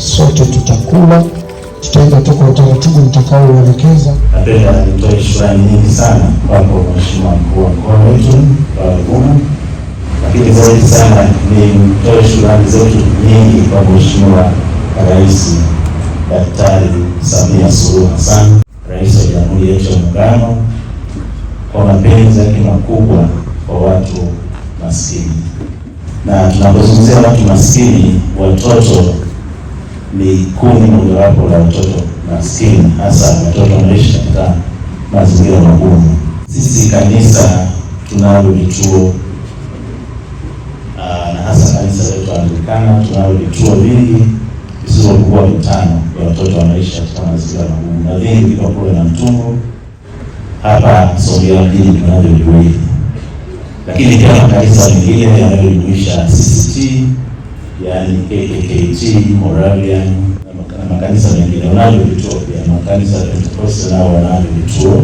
sote tutakula, tutaenda tu kwa utaratibu mtakaoelekeza. Napenda nitoe shukrani nyingi sana kwako Mheshimiwa mkuu wa mkoa wetu wa Ruvuma, lakini zaidi sana nimtoe shukrani zetu nyingi kwa Mheshimiwa Rais Daktari Samia Suluhu Hassan, rais wa Jamhuri yetu ya Muungano, kwa mapenzi yake makubwa kwa watu maskini, na tunapozungumzia watu maskini, watoto ni kundi mojawapo la watoto maskini, hasa watoto wanaishi katika mazingira magumu. Sisi kanisa tunalo vituo ah, na hasa kanisa letu Anglikana tunalo vituo vingi visivyokuwa vitano vya watoto wanaishi katika mazingira magumu, na vingi viko kule na Mtungu hapa Songea mjini tunavyo viwili, lakini pia makanisa mengine yanayojumuisha CCT yaani KKKT, Moravian na makanisa mengine wanavyo vituo pia, makanisa ya Pentekoste nao wanavyo vituo,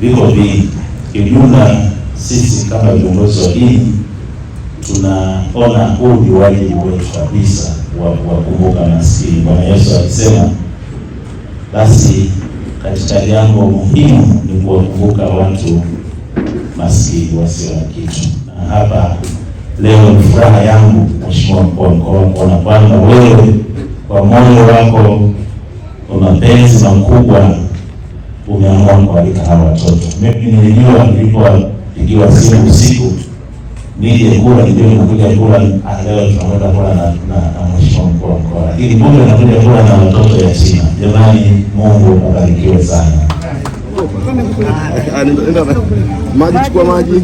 viko vingi. Kiujumla, sisi kama viongozi wa dini tunaona huu ni wajibu wetu kabisa wa kuwakumbuka maskini. Bwana Yesu alisema, basi katika jambo muhimu ni kuwakumbuka watu maskini wasio na kitu, na hapa Leo ni furaha yangu Mheshimiwa mkuu wa mkoa kuona kwamba wewe kwa moyo wako kwa mapenzi makubwa umeamua kualika hawa watoto. Mimi nilijua nilipopigiwa simu usiku nije kula, nijue nakuja kula leo, tunakwenda kula na Mheshimiwa mkuu wa mkoa, lakini kumbe nakuja kula na watoto yatima. Jamani, Mungu akubarikiwe sana. Maji, chukua maji.